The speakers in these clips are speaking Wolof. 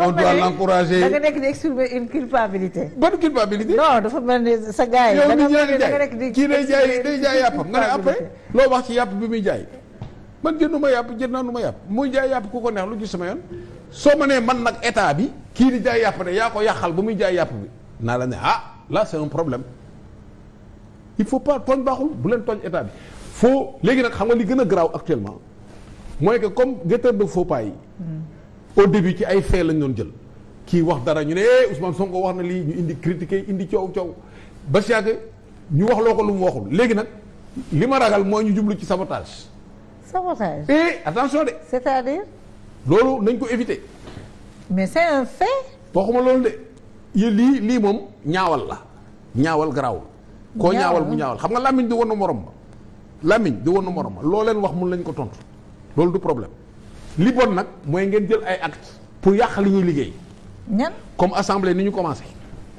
on doit l'encourager da nga nekk di exprimer une culpabilité. ban culpabilité. non dafa mel ni sa gars yi. da nga nekk di kii day jaay day jaay yàppam nga ne après loo wax ci yàpp bi muy jaay man jënduma yàpp jënd naa nu ma yàpp muy jaay yàpp ku ko neex lu ci sama yoon soo ma nee man nag état bi kii di jaay yàpp ne yaa ko yàqal ba muy jaay yàpp bi naa la ne ah la c'est un problème il faut pas tooñ baaxul bu leen tooñ état bi foo léegi nag xam nga li gën a garaaw actuellement mooy que comme guetteur de faux au début ci ay fee lañ doon jël kii wax dara ñu ne eh Ousmane Sonko wax na lii ñu indi critiqué indi coow coow ba si ñu wax loo ko lu mu waxul léegi nag li ma ragal mooy ñu jublu ci sabotage. sabotage eh attention de. c'est-à-dire. loolu nañ ko éviter. mais c'est un fait. waxuma loolu de yéen lii lii moom ñaawal la ñaawal garaawul. koo ñaawal mu ñaawal xam nga làmmiñ di won na morom ma làmmiñ di won na morom ma loo leen wax mun lañ ko tontu loolu du problème. li bon nag mooy ngeen jël ay actes pour yàq li ñuy liggéey. ñan comme assemblée ni ñu commencé.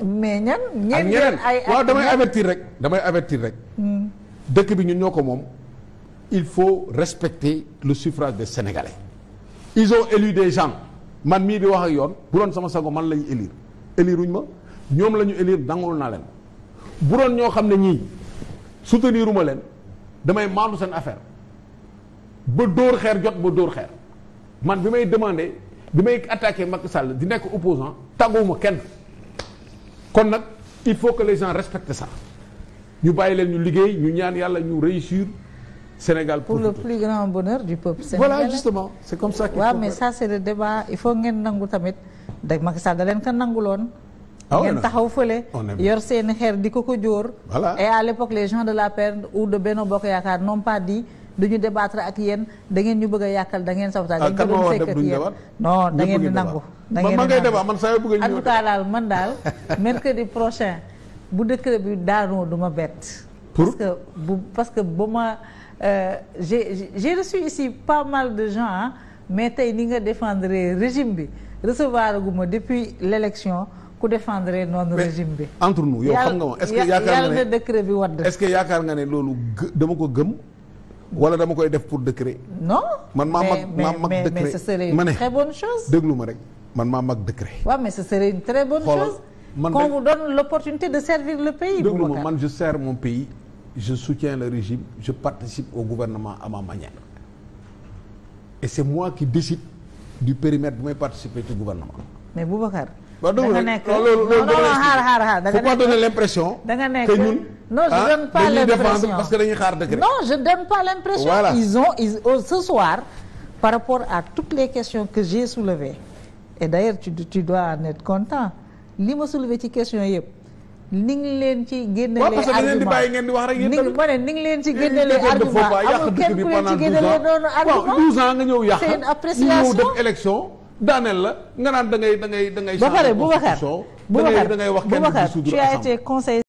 mais ñan ñeen ay waaw damay avertir rek damay avertir rek. Hmm. dëkk bi ñu ñoo ko moom il faut respecter le suffrage des Sénégalais. ils ont élu des gens man mii bi wax ak yoon bu doon sama sago man la ñu élire éliruñ ma ñoom lañu ñu élire nangul naa leen bu doon ñoo xam ne ñii souteniruma leen damay maandu seen affaire ba dóor xeer jot ba dóor xeer. man bi may demandé bi may attaqué Macky Sall di nekk opposant tàgguwuma kenn kon nag il faut que les gens respectent ça ñu bàyyi leen ñu liggéey ñu ñaan yàlla ñu réussir Sénégal pour, pour le plus grand bonheur du peuple sénégalais voilà justement c'est comme ça qu'il ouais, faut mais ça c'est le débat il faut ngeen nangu tamit da Macky Sall da ko nanguloon ah ngeen taxaw fële yor seeni xeer di ko ko joor et à l'époque les gens de la perte ou de Benno Bokk Yaakaar n'ont pas dit dañu ñu ak yéen da ngeen ñu bëgg a yàqal da ngeen sabotage dañ ko fekk ak ngeen di nangu da ngeen di nangu en tout cas daal man daal mercredi prochain bu décret bi daanoo du ma bu parce que ba ma euh, j'ai j'ai reçu ici pas de gens mais tey ni nga defendre régime bi recevoir gu ma depuis l'élection ku défendre noonu régime bi. entre nous yow xam nga ma est-ce na décret bi wadd est-ce que yaakaar nga ne loolu dama ko gëm. wala dama koy def pour décret. non man maa mag maa mag décret mais ce serait une très bonne chose. déglu ma rek man maa mag décret. waaw mais ce serait une très bonne chose. man qu'on vous donne l'opportunité de servir le pays. déglu ma man je sers mon pays je soutiens le régime je participe au gouvernement à ma manière. et c'est moi qui décide bu may participer ci gouvernement. mais Boubacar. da nga nekk non non xaar xaar xaar da nga nekk faut ñun. non je ah, donne pas l'impression parce que dañuy xaar décret non je donne pas l'impression voilà. ils ont ils oh, ce soir par rapport à toutes les questions que j'ai soulevées et d'ailleurs tu, tu dois en être content li ma soulevé ci question yëpp ni ngi leen ci génnelee argument parce que leen di wax rek yéen ma ne ni ngi leen ci génnelee argument amul kenn ku leen ci génnelee noonu argument 12 ans nga ñëw yàq c'est une def élection daaneel la nga naan da ngay da ngay da ngay ba pare bu waxee bu waxee ngay wax kenn été conseil